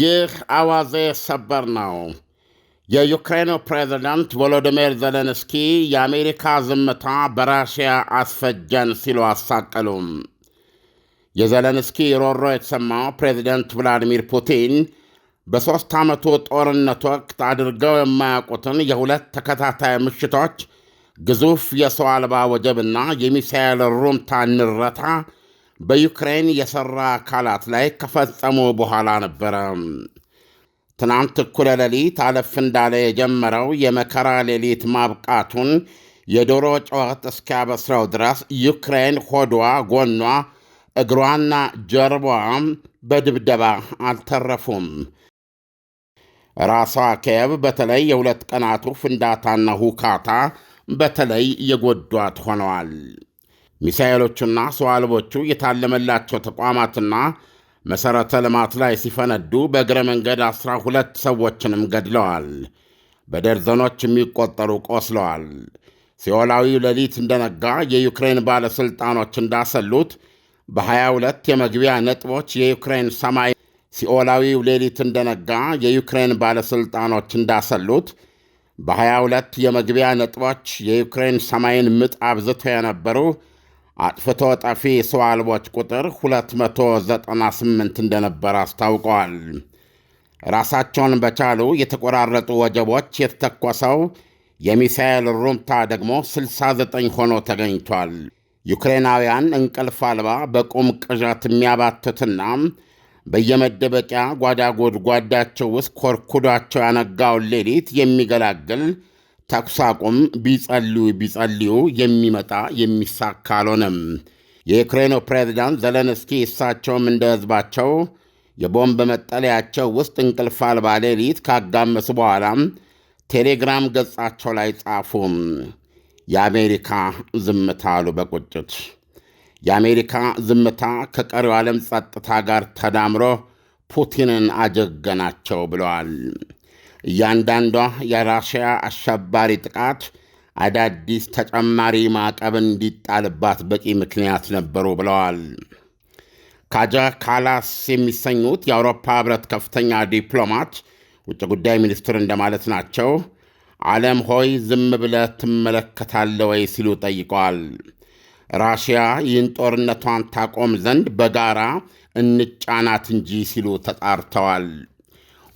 ይህ አዋዜ ሰበር ነው። የዩክሬኑ ፕሬዝዳንት ቮሎዲሚር ዘለንስኪ የአሜሪካ ዝምታ በራሽያ አስፈጀን ሲሉ አሳቀሉ። የዘለንስኪ ሮሮ የተሰማው ፕሬዚደንት ቭላዲሚር ፑቲን በሦስት ዓመቱ ጦርነት ወቅት አድርገው የማያውቁትን የሁለት ተከታታይ ምሽቶች ግዙፍ የሰው አልባ ወጀብና የሚሳኤል ሩምታ ንረታ በዩክሬን የሠራ አካላት ላይ ከፈጸሙ በኋላ ነበረ። ትናንት እኩለ ሌሊት አለፍ እንዳለ የጀመረው የመከራ ሌሊት ማብቃቱን የዶሮ ጩኸት እስኪያበስረው ድረስ ዩክሬን ሆዷ፣ ጎኗ፣ እግሯና ጀርባዋም በድብደባ አልተረፉም። ራሷ ኪየቭ በተለይ የሁለት ቀናቱ ፍንዳታና ሁካታ በተለይ የጎዷት ሆነዋል። ሚሳኤሎቹና ሰው አልቦቹ የታለመላቸው ተቋማትና መሠረተ ልማት ላይ ሲፈነዱ በእግረ መንገድ አስራ ሁለት ሰዎችንም ገድለዋል። በደርዘኖች የሚቆጠሩ ቆስለዋል። ሲኦላዊው ሌሊት እንደነጋ የዩክሬን ባለሥልጣኖች እንዳሰሉት በ22 የመግቢያ ነጥቦች የዩክሬን ሰማይ ሲኦላዊው ሌሊት እንደነጋ የዩክሬን ባለሥልጣኖች እንዳሰሉት በ22 የመግቢያ ነጥቦች የዩክሬን ሰማይን ምጥ አብዝተው የነበሩ አጥፍቶ ጠፊ ሰው አልቦች ቁጥር 298 እንደነበረ አስታውቀዋል። ራሳቸውን በቻሉ የተቆራረጡ ወጀቦች የተተኮሰው የሚሳኤል ሩምታ ደግሞ 69 ሆኖ ተገኝቷል። ዩክሬናውያን እንቅልፍ አልባ በቁም ቅዠት የሚያባትትና በየመደበቂያ ጓዳ ጎድጓዳቸው ውስጥ ኮርኩዷቸው ያነጋውን ሌሊት የሚገላግል ተኩስ አቁም ቢጸልዩ ቢጸልዩ የሚመጣ የሚሳካ አልሆነም። የዩክሬኑ ፕሬዚዳንት ዘለንስኪ እሳቸውም እንደ ሕዝባቸው የቦምብ መጠለያቸው ውስጥ እንቅልፍ አልባ ሌሊት ካጋመሱ በኋላ ቴሌግራም ገጻቸው ላይ ጻፉ። የአሜሪካ ዝምታ አሉ በቁጭት የአሜሪካ ዝምታ ከቀሪው ዓለም ጸጥታ ጋር ተዳምሮ ፑቲንን አጀገናቸው ብለዋል። እያንዳንዷ የራሽያ አሸባሪ ጥቃት አዳዲስ ተጨማሪ ማዕቀብ እንዲጣልባት በቂ ምክንያት ነበሩ ብለዋል። ካጃ ካላስ የሚሰኙት የአውሮፓ ሕብረት ከፍተኛ ዲፕሎማት ውጭ ጉዳይ ሚኒስትር እንደማለት ናቸው። ዓለም ሆይ ዝም ብለህ ትመለከታለህ ወይ ሲሉ ጠይቀዋል። ራሽያ ይህን ጦርነቷን ታቆም ዘንድ በጋራ እንጫናት እንጂ ሲሉ ተጣርተዋል።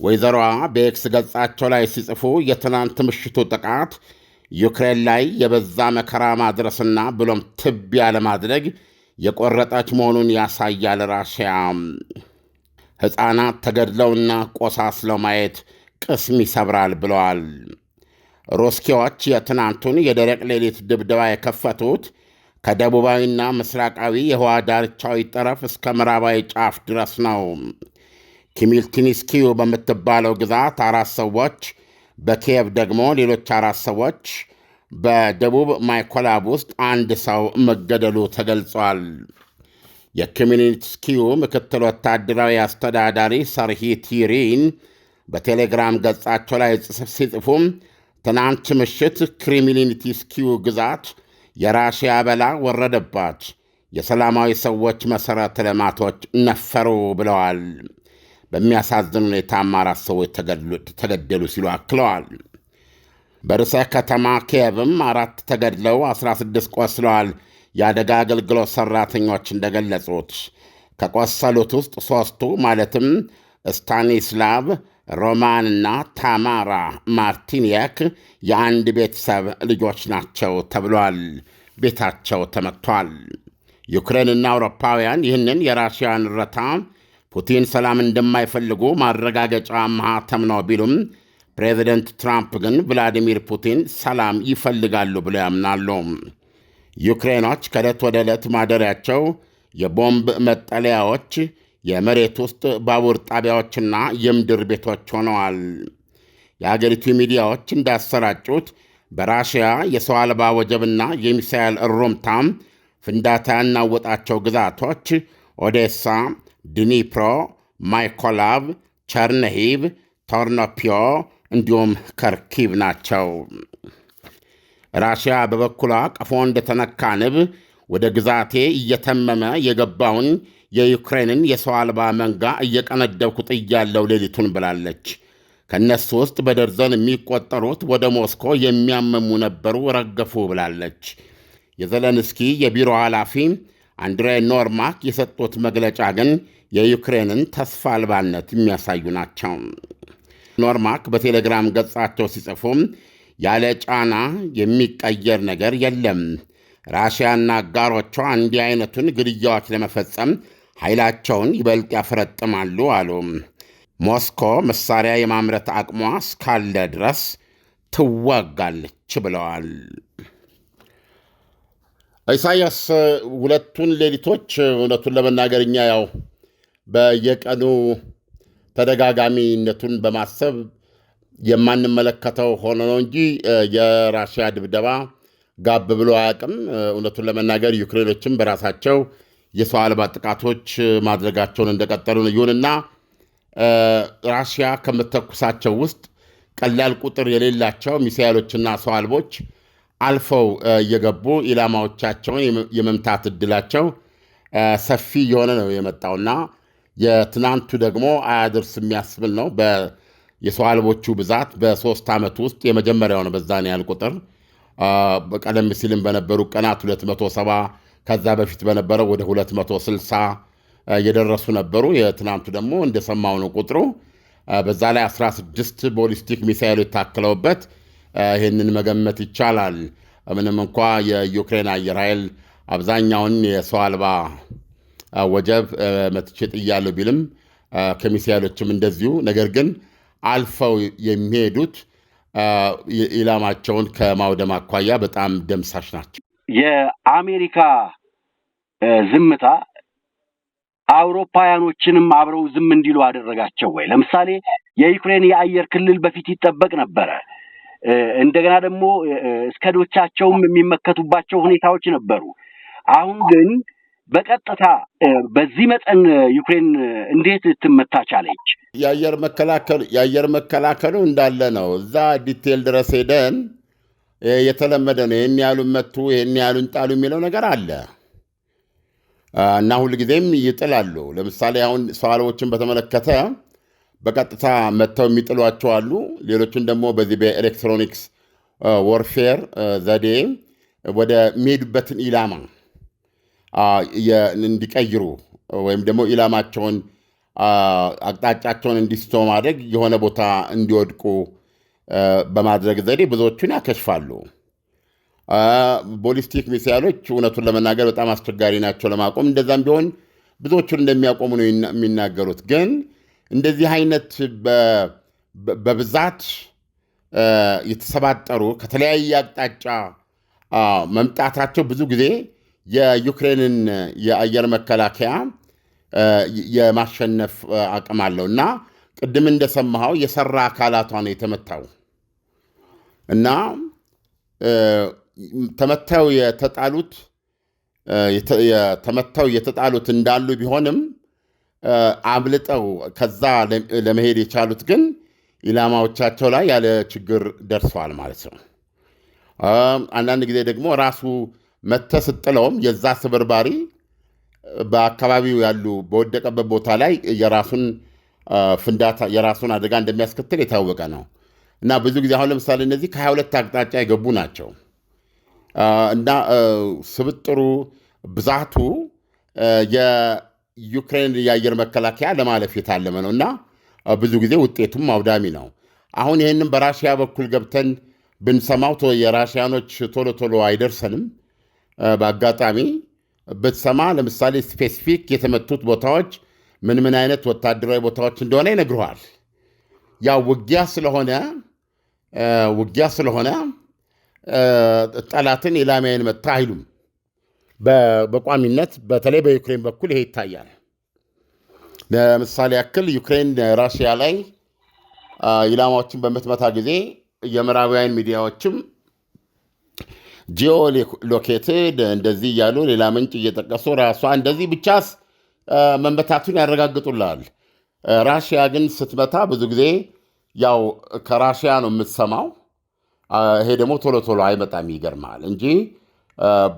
ወይዘሮዋ በኤክስ ገጻቸው ላይ ሲጽፉ የትናንት ምሽቱ ጥቃት ዩክሬን ላይ የበዛ መከራ ማድረስና ብሎም ትቢያ ለማድረግ የቆረጠች መሆኑን ያሳያል። ራሽያ ሕፃናት ተገድለውና ቆሳስለው ማየት ቅስም ይሰብራል ብለዋል። ሮስኪዎች የትናንቱን የደረቅ ሌሊት ድብደባ የከፈቱት ከደቡባዊና ምስራቃዊ የውሃ ዳርቻዊ ጠረፍ እስከ ምዕራባዊ ጫፍ ድረስ ነው። ኪሚልቲኒስኪዩ በምትባለው ግዛት አራት ሰዎች፣ በኪየቭ ደግሞ ሌሎች አራት ሰዎች፣ በደቡብ ማይኮላብ ውስጥ አንድ ሰው መገደሉ ተገልጿል። የኪሚልኒስኪዩ ምክትል ወታደራዊ አስተዳዳሪ ሰርሂ ቲሪን በቴሌግራም ገጻቸው ላይ ሲጽፉም ትናንት ምሽት ክሪሚሊኒቲስኪዩ ግዛት የራሽያ በላ ወረደባት፣ የሰላማዊ ሰዎች መሠረተ ልማቶች ነፈሩ ብለዋል። በሚያሳዝን ሁኔታ አማራት ሰዎች ተገደሉ ሲሉ አክለዋል። በርዕሰ ከተማ ኪየቭም አራት ተገድለው 16 ቆስለዋል። የአደጋ አገልግሎት ሠራተኞች እንደገለጹት ከቆሰሉት ውስጥ ሦስቱ ማለትም ስታኒስላቭ፣ ሮማንና ታማራ ማርቲንየክ የአንድ ቤተሰብ ልጆች ናቸው ተብሏል። ቤታቸው ተመቷል። ዩክሬንና አውሮፓውያን ይህንን የራሽያን እረታ ፑቲን ሰላም እንደማይፈልጉ ማረጋገጫ ማህተም ነው ቢሉም ፕሬዚደንት ትራምፕ ግን ቭላዲሚር ፑቲን ሰላም ይፈልጋሉ ብለው ያምናሉ። ዩክሬኖች ከዕለት ወደ ዕለት ማደሪያቸው የቦምብ መጠለያዎች፣ የመሬት ውስጥ ባቡር ጣቢያዎችና የምድር ቤቶች ሆነዋል። የአገሪቱ ሚዲያዎች እንዳሰራጩት በራሽያ የሰው አልባ ወጀብና የሚሳኤል እሩምታም ፍንዳታ ያናወጣቸው ግዛቶች ኦዴሳ፣ ድኒፕሮ፣ ማይኮላቭ፣ ቸርነሂቭ፣ ቶርኖፒዮ እንዲሁም ከርኪቭ ናቸው። ራሽያ በበኩሏ ቀፎ እንደተነካ ንብ ወደ ግዛቴ እየተመመ የገባውን የዩክሬንን የሰው አልባ መንጋ እየቀነደብኩ ጥያለው ሌሊቱን ብላለች። ከእነሱ ውስጥ በደርዘን የሚቆጠሩት ወደ ሞስኮ የሚያመሙ ነበሩ፣ ረገፉ ብላለች። የዘለንስኪ የቢሮ ኃላፊ አንድሬ ኖርማክ የሰጡት መግለጫ ግን የዩክሬንን ተስፋ አልባነት የሚያሳዩ ናቸው። ኖርማክ በቴሌግራም ገጻቸው ሲጽፉ ያለ ጫና የሚቀየር ነገር የለም፣ ራሽያና አጋሮቿ እንዲህ አይነቱን ግድያዎች ለመፈጸም ኃይላቸውን ይበልጥ ያፈረጥማሉ አሉ። ሞስኮ መሳሪያ የማምረት አቅሟ እስካለ ድረስ ትዋጋለች ብለዋል። ኢሳያስ ሁለቱን ሌሊቶች እውነቱን ለመናገር እኛ ያው በየቀኑ ተደጋጋሚነቱን በማሰብ የማንመለከተው ሆኖ ነው እንጂ የራሽያ ድብደባ ጋብ ብሎ አያውቅም። እውነቱን ለመናገር ዩክሬኖችም በራሳቸው የሰው አልባ ጥቃቶች ማድረጋቸውን እንደቀጠሉ ነው። ይሁንና ራሽያ ከምተኩሳቸው ውስጥ ቀላል ቁጥር የሌላቸው ሚሳይሎችና ሰው አልቦች አልፈው እየገቡ ኢላማዎቻቸውን የመምታት እድላቸው ሰፊ የሆነ ነው የመጣውና የትናንቱ ደግሞ አያድርስ የሚያስብል ነው። የሰው አልቦቹ ብዛት በሶስት ዓመት ውስጥ የመጀመሪያው ነው። በዛን ያህል ቁጥር ቀደም ሲልም በነበሩ ቀናት 270 ከዛ በፊት በነበረው ወደ 260 የደረሱ ነበሩ። የትናንቱ ደግሞ እንደሰማው ነው ቁጥሩ። በዛ ላይ 16 ቦሊስቲክ ሚሳይሎች ታክለውበት ይህንን መገመት ይቻላል። ምንም እንኳ የዩክሬን አየር ኃይል አብዛኛውን የሰው አልባ ወጀብ መትቼ ጥያለሁ ቢልም ከሚሳይሎችም እንደዚሁ ነገር ግን አልፈው የሚሄዱት ኢላማቸውን ከማውደም አኳያ በጣም ደምሳሽ ናቸው። የአሜሪካ ዝምታ አውሮፓውያኖችንም አብረው ዝም እንዲሉ አደረጋቸው ወይ? ለምሳሌ የዩክሬን የአየር ክልል በፊት ይጠበቅ ነበረ። እንደገና ደግሞ እስከዶቻቸውም የሚመከቱባቸው ሁኔታዎች ነበሩ። አሁን ግን በቀጥታ በዚህ መጠን ዩክሬን እንዴት ልትመታ ቻለች? የአየር መከላከሉ የአየር መከላከሉ እንዳለ ነው። እዛ ዲቴል ድረስ ሄደን የተለመደ ነው። ይህን ያሉን መቱ፣ ይህን ያሉን ጣሉ የሚለው ነገር አለ እና ሁልጊዜም ይጥላሉ። ለምሳሌ አሁን ሰው በተመለከተ በቀጥታ መጥተው የሚጥሏቸው አሉ። ሌሎችን ደግሞ በዚህ በኤሌክትሮኒክስ ወርፌር ዘዴ ወደሚሄዱበትን ኢላማ እንዲቀይሩ ወይም ደግሞ ኢላማቸውን አቅጣጫቸውን እንዲስቶ ማድረግ የሆነ ቦታ እንዲወድቁ በማድረግ ዘዴ ብዙዎቹን ያከሽፋሉ። ቦሊስቲክ ሚሳይሎች እውነቱን ለመናገር በጣም አስቸጋሪ ናቸው ለማቆም። እንደዛም ቢሆን ብዙዎቹን እንደሚያቆሙ ነው የሚናገሩት ግን እንደዚህ አይነት በብዛት የተሰባጠሩ ከተለያየ አቅጣጫ መምጣታቸው ብዙ ጊዜ የዩክሬንን የአየር መከላከያ የማሸነፍ አቅም አለው እና ቅድም እንደሰማኸው የሰራ አካላቷ ነው የተመታው እና ተመተው የተጣሉት ተመተው የተጣሉት እንዳሉ ቢሆንም አምልጠው ከዛ ለመሄድ የቻሉት ግን ኢላማዎቻቸው ላይ ያለ ችግር ደርሰዋል ማለት ነው። አንዳንድ ጊዜ ደግሞ ራሱ መተ ስጥለውም የዛ ስብርባሪ በአካባቢው ያሉ በወደቀበት ቦታ ላይ የራሱን ፍንዳታ የራሱን አደጋ እንደሚያስከትል የታወቀ ነው እና ብዙ ጊዜ አሁን ለምሳሌ እነዚህ ከሀያ ሁለት አቅጣጫ የገቡ ናቸው እና ስብጥሩ ብዛቱ ዩክሬን የአየር መከላከያ ለማለፍ የታለመ ነው እና ብዙ ጊዜ ውጤቱም አውዳሚ ነው። አሁን ይህንም በራሽያ በኩል ገብተን ብንሰማው የራሽያኖች ቶሎ ቶሎ አይደርሰንም። በአጋጣሚ ብትሰማ ለምሳሌ ስፔሲፊክ የተመቱት ቦታዎች ምን ምን አይነት ወታደራዊ ቦታዎች እንደሆነ ይነግረዋል። ያው ውጊያ ስለሆነ ውጊያ ስለሆነ ጠላትን ኢላማዬን መታ አይሉም። በቋሚነት በተለይ በዩክሬን በኩል ይሄ ይታያል። ለምሳሌ ያክል ዩክሬን ራሽያ ላይ ኢላማዎችን በምትመታ ጊዜ የምዕራባውያን ሚዲያዎችም ጂኦ ሎኬትድ እንደዚህ እያሉ ሌላ ምንጭ እየጠቀሱ ራሷ እንደዚህ ብቻስ መመታቱን ያረጋግጡላል። ራሽያ ግን ስትመታ ብዙ ጊዜ ያው ከራሽያ ነው የምትሰማው። ይሄ ደግሞ ቶሎ ቶሎ አይመጣም፣ ይገርማል እንጂ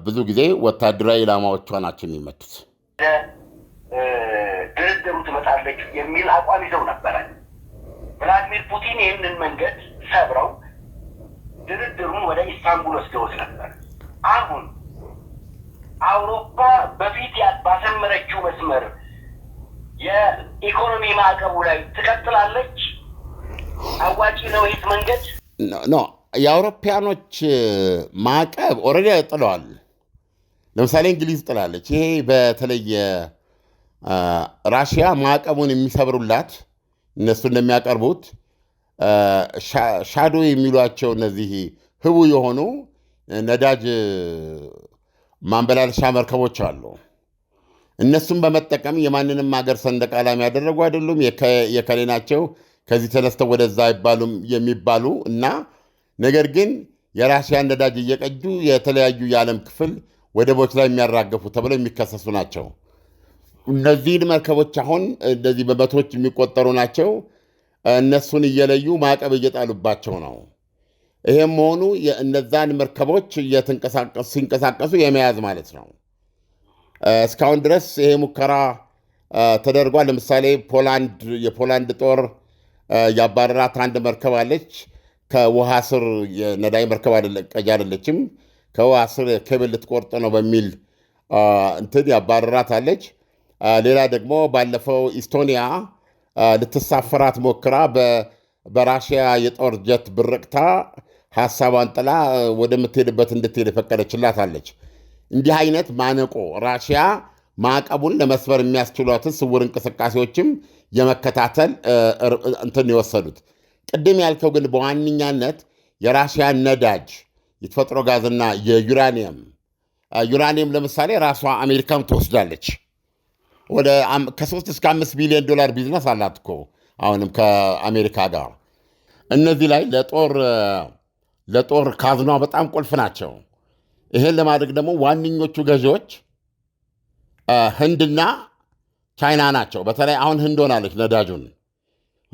ብዙ ጊዜ ወታደራዊ ኢላማዎቿ ናቸው የሚመቱት። ድርድሩ ትመጣለች የሚል አቋም ይዘው ነበረ። ቭላድሚር ፑቲን ይህንን መንገድ ሰብረው ድርድሩን ወደ ኢስታንቡል ወስደውት ነበር። አሁን አውሮፓ በፊት ባሰመረችው መስመር የኢኮኖሚ ማዕቀቡ ላይ ትቀጥላለች። አዋጪ ነው ይህ መንገድ? የአውሮፓያኖች ማዕቀብ ኦልሬዲ ጥለዋል። ለምሳሌ እንግሊዝ ጥላለች። ይሄ በተለየ ራሽያ ማዕቀቡን የሚሰብሩላት እነሱ እንደሚያቀርቡት ሻዶ የሚሏቸው እነዚህ ህቡ የሆኑ ነዳጅ ማንበላለሻ መርከቦች አሉ። እነሱን በመጠቀም የማንንም ሀገር ሰንደቅ ዓላማ ያደረጉ አይደሉም፣ የከሌ ናቸው፣ ከዚህ ተነስተው ወደዛ አይባሉም የሚባሉ እና ነገር ግን የራሽያን ነዳጅ እየቀጁ የተለያዩ የዓለም ክፍል ወደቦች ላይ የሚያራገፉ ተብለው የሚከሰሱ ናቸው። እነዚህን መርከቦች አሁን እንደዚህ በመቶዎች የሚቆጠሩ ናቸው። እነሱን እየለዩ ማዕቀብ እየጣሉባቸው ነው። ይህም መሆኑ እነዛን መርከቦች ሲንቀሳቀሱ የመያዝ ማለት ነው። እስካሁን ድረስ ይሄ ሙከራ ተደርጓል። ለምሳሌ ፖላንድ የፖላንድ ጦር ያባረራት አንድ መርከብ አለች። ከውሃ ስር የነዳይ መርከብ ቀጃ አይደለችም፣ ከውሃ ስር ክብል ልትቆርጥ ነው በሚል እንትን ያባረራታለች። ሌላ ደግሞ ባለፈው ኢስቶኒያ ልትሳፈራት ሞክራ በራሽያ የጦር ጀት ብርቅታ ሀሳቧን ጥላ ወደምትሄድበት እንድትሄድ የፈቀደችላታለች። እንዲህ አይነት ማነቆ ራሽያ ማዕቀቡን ለመስበር የሚያስችሏትን ስውር እንቅስቃሴዎችም የመከታተል እንትን የወሰዱት ቅድም ያልከው ግን በዋነኛነት የራሽያን ነዳጅ የተፈጥሮ ጋዝና የዩራኒየም ዩራኒየም ለምሳሌ ራሷ አሜሪካም ትወስዳለች። ወደ ከሶስት እስከ አምስት ቢሊዮን ዶላር ቢዝነስ አላት እኮ አሁንም ከአሜሪካ ጋር። እነዚህ ላይ ለጦር ካዝኗ በጣም ቁልፍ ናቸው። ይሄን ለማድረግ ደግሞ ዋነኞቹ ገዢዎች ህንድና ቻይና ናቸው። በተለይ አሁን ህንድ ሆናለች ነዳጁን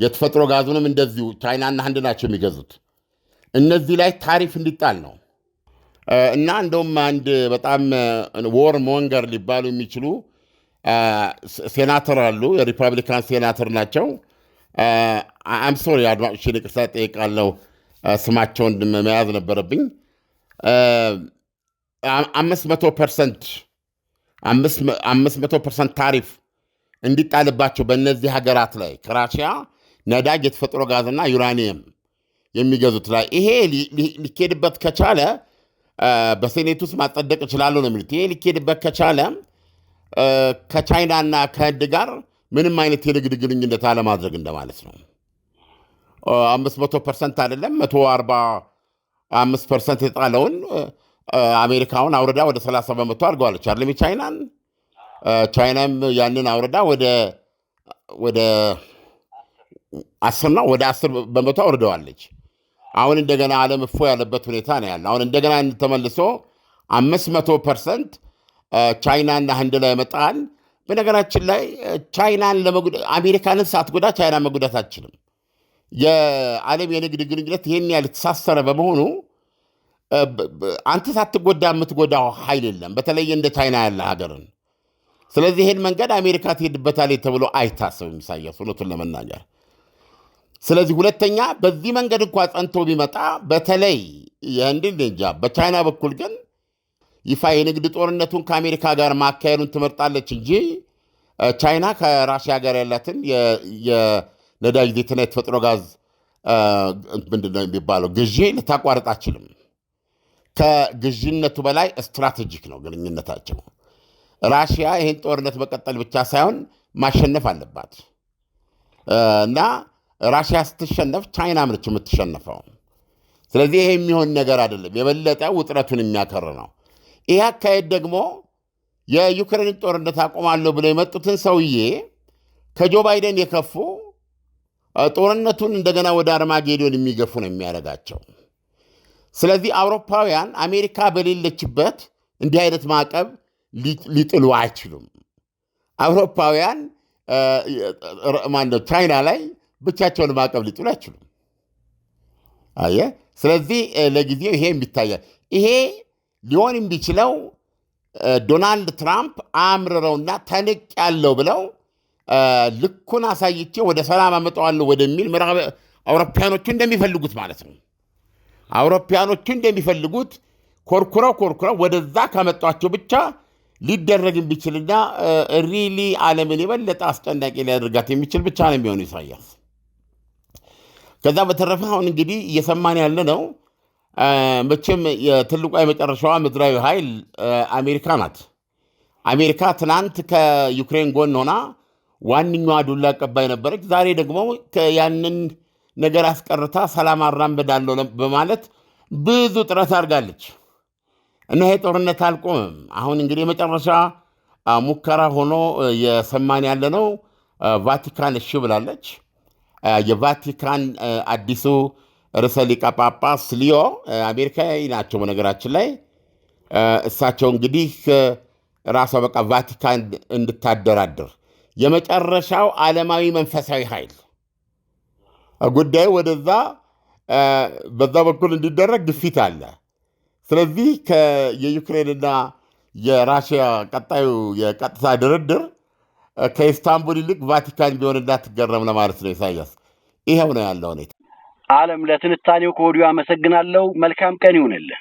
የተፈጥሮ ጋዙንም እንደዚሁ ቻይናና ህንድ ናቸው የሚገዙት። እነዚህ ላይ ታሪፍ እንዲጣል ነው እና እንደውም አንድ በጣም ወር ሞንገር ሊባሉ የሚችሉ ሴናተር አሉ። የሪፐብሊካን ሴናተር ናቸው። አምሶሪ አድማጮችን ይቅርታ ጠይቃለሁ። ስማቸውን መያዝ ነበረብኝ። አምስት መቶ ፐርሰንት ታሪፍ እንዲጣልባቸው በእነዚህ ሀገራት ላይ ከራሽያ ነዳጅ፣ የተፈጥሮ ጋዝና ዩራኒየም የሚገዙት ላይ ይሄ ሊኬድበት ከቻለ በሴኔት ውስጥ ማጸደቅ ይችላሉ ነው የሚሉት። ይሄ ሊኬድበት ከቻለ ከቻይናና ከህንድ ጋር ምንም አይነት የንግድ ግንኙነት አለማድረግ እንደማለት ነው። አምስት መቶ ፐርሰንት አይደለም መቶ አርባ አምስት ፐርሰንት የጣለውን አሜሪካውን አውረዳ ወደ ሰላሳ በመቶ አድርገዋለች አለም ቻይናን ቻይናም ያንን አውረዳ ወደ አስርና ወደ አስር በመቶ አውርደዋለች። አሁን እንደገና ዓለም እፎ ያለበት ሁኔታ ነው ያለ። አሁን እንደገና ተመልሶ አምስት መቶ ፐርሰንት ቻይናና ህንድ ላይ መጣል። በነገራችን ላይ ቻይናን አሜሪካንን ሳትጎዳ ቻይና መጉዳት አችልም። የዓለም የንግድ ግንኙነት ይህን ያህል የተሳሰረ በመሆኑ አንተ ሳትጎዳ የምትጎዳው ኃይል የለም፣ በተለይ እንደ ቻይና ያለ ሀገርን። ስለዚህ ይህን መንገድ አሜሪካ ትሄድበታል ተብሎ አይታሰብም። ኢሳያስ እውነቱን ለመናገር ስለዚህ ሁለተኛ በዚህ መንገድ እንኳ ጸንቶ ቢመጣ በተለይ የህንድን እንጃ በቻይና በኩል ግን ይፋ የንግድ ጦርነቱን ከአሜሪካ ጋር ማካሄዱን ትመርጣለች እንጂ ቻይና ከራሽያ ጋር ያላትን የነዳጅ ዘይትና የተፈጥሮ ጋዝ ምንድነው የሚባለው ግዢ ልታቋርጥ አችልም። ከግዢነቱ በላይ ስትራቴጂክ ነው ግንኙነታቸው። ራሽያ ይህን ጦርነት መቀጠል ብቻ ሳይሆን ማሸነፍ አለባት እና ራሽያ ስትሸነፍ ቻይና ምርች የምትሸነፈው። ስለዚህ ይሄ የሚሆን ነገር አይደለም፣ የበለጠ ውጥረቱን የሚያከር ነው። ይህ አካሄድ ደግሞ የዩክሬን ጦርነት አቆማለሁ ብለው የመጡትን ሰውዬ ከጆ ባይደን የከፉ ጦርነቱን እንደገና ወደ አርማጌዶን የሚገፉ ነው የሚያደርጋቸው። ስለዚህ አውሮፓውያን አሜሪካ በሌለችበት እንዲህ አይነት ማዕቀብ ሊጥሉ አይችሉም። አውሮፓውያን ማነው ቻይና ላይ ብቻቸውን ማዕቀብ ሊጥሉ አይችሉም። አየ ስለዚህ ለጊዜው ይሄ የሚታያል። ይሄ ሊሆን የሚችለው ዶናልድ ትራምፕ አምርረውና ተንቅ ያለው ብለው ልኩን አሳይቼ ወደ ሰላም አመጣዋለሁ ወደሚል አውሮፓያኖቹ እንደሚፈልጉት ማለት ነው። አውሮፓያኖቹ እንደሚፈልጉት ኮርኩረው ኮርኩረው ወደዛ ከመጧቸው ብቻ ሊደረግ የሚችልና ሪሊ ዓለምን የበለጠ አስጨናቂ ሊያደርጋት የሚችል ብቻ ነው የሚሆኑ ኢሳያስ። ከዛ በተረፈ አሁን እንግዲህ እየሰማን ያለ ነው መቼም የትልቋ የመጨረሻዋ ምድራዊ ኃይል አሜሪካ ናት። አሜሪካ ትናንት ከዩክሬን ጎን ሆና ዋነኛዋ ዱላ ቀባይ ነበረች። ዛሬ ደግሞ ያንን ነገር አስቀርታ ሰላም አራምዳለሁ በማለት ብዙ ጥረት አድርጋለች እና ይሄ ጦርነት አልቆምም። አሁን እንግዲህ የመጨረሻ ሙከራ ሆኖ የሰማን ያለ ነው። ቫቲካን እሺ ብላለች። Uh, የቫቲካን uh, አዲሱ ርዕሰ ሊቀ ጳጳስ ሊዮ uh, አሜሪካዊ ናቸው። በነገራችን ላይ እሳቸው እንግዲህ ራሷ በቃ ቫቲካን እንድታደራድር የመጨረሻው ዓለማዊ መንፈሳዊ ኃይል ጉዳዩ ወደዛ በዛ በኩል እንዲደረግ ግፊት አለ። ስለዚህ የዩክሬንና የራሽያ ቀጣዩ የቀጥታ ድርድር ከኢስታንቡል ይልቅ ቫቲካን ቢሆን እንዳትገረም ለማለት ነው። ኢሳያስ፣ ይኸው ነው ያለው ሁኔታ። አለም፣ ለትንታኔው ከወዲሁ አመሰግናለሁ። መልካም ቀን ይሁንልህ።